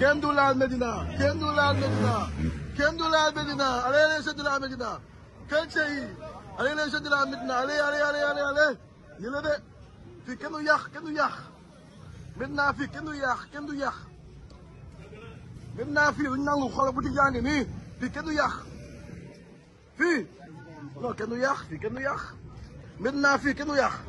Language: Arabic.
كم دولار المدينة كم دولار المدينة كم دولار المدينة عليه عليه شد المدينة كل شيء عليه عليه شد المدينة عليه عليه عليه عليه عليه يلا ده في كنو يخ كنو يخ مدينة في كنو يخ كنو يخ مدينة في وين نو خلاص بدي جاني يعني مي في كنو يخ في لا كنو يخ في كنو يخ مدينة في كنو يخ